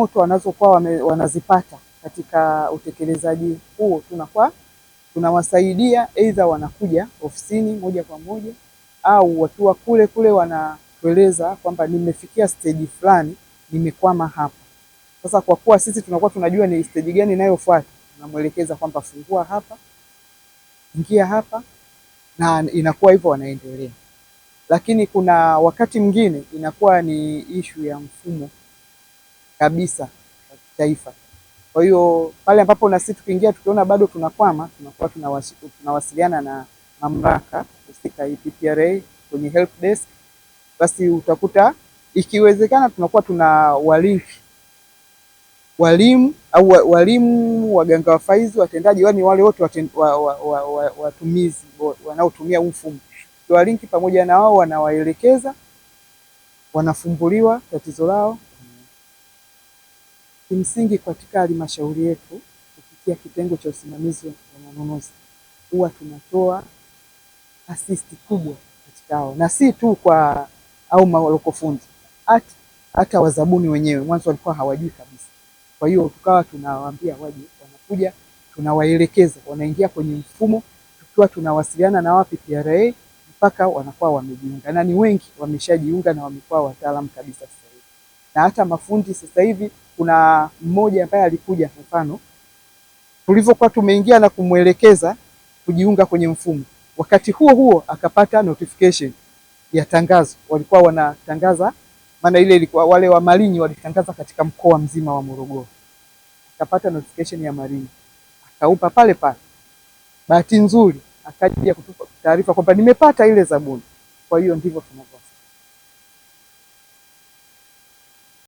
moto wanazokuwa wanazipata katika utekelezaji huo, tunakuwa tunawasaidia aidha wanakuja ofisini moja kwa moja au wakiwa kule kule wanatueleza kwamba nimefikia steji fulani, nimekwama hapa. Sasa kwa kuwa sisi tunakuwa tunajua ni steji gani inayofuata, tunamwelekeza kwamba fungua hapa, ingia hapa, na inakuwa hivyo wanaendelea. Lakini kuna wakati mwingine inakuwa ni ishu ya mfumo kabisa wa kitaifa. Kwa hiyo pale ambapo na sisi tukiingia tukiona bado tunakwama, tunakuwa tunawasiliana na mamlaka husika EPPRA kwenye help desk, basi utakuta ikiwezekana tunakuwa tuna walinki walimu au walimu, waganga wafaizi, watendaji, wani wale wote watumizi wanaotumia huu mfumo walinki pamoja na wao, wanawaelekeza wanafumbuliwa tatizo lao. Kimsingi katika halmashauri yetu kupitia kitengo cha usimamizi wa manunuzi huwa tunatoa asisti kubwa katika hao, na si tu kwa au malokofundi, hata hata wazabuni wenyewe mwanzo walikuwa hawajui kabisa. Kwa hiyo tukawa tunawaambia waje, wanakuja tunawaelekeza, wanaingia kwenye mfumo, tukiwa tunawasiliana na wapi PRA mpaka wanakuwa wamejiunga, na ni wengi wameshajiunga na wamekuwa wataalamu kabisa na hata mafundi sasa hivi kuna mmoja ambaye alikuja mfano, tulivyokuwa tumeingia na kumwelekeza kujiunga kwenye mfumo, wakati huo huo akapata notification ya tangazo. Walikuwa wanatangaza, maana ile ilikuwa wale wa Malinyi walitangaza katika mkoa mzima wa Morogoro, akapata notification ya Malinyi, akaupa pale pale. Bahati nzuri akaja kutupa taarifa kwamba nimepata ile zabuni. Kwa hiyo ndivyo tunavyofanya.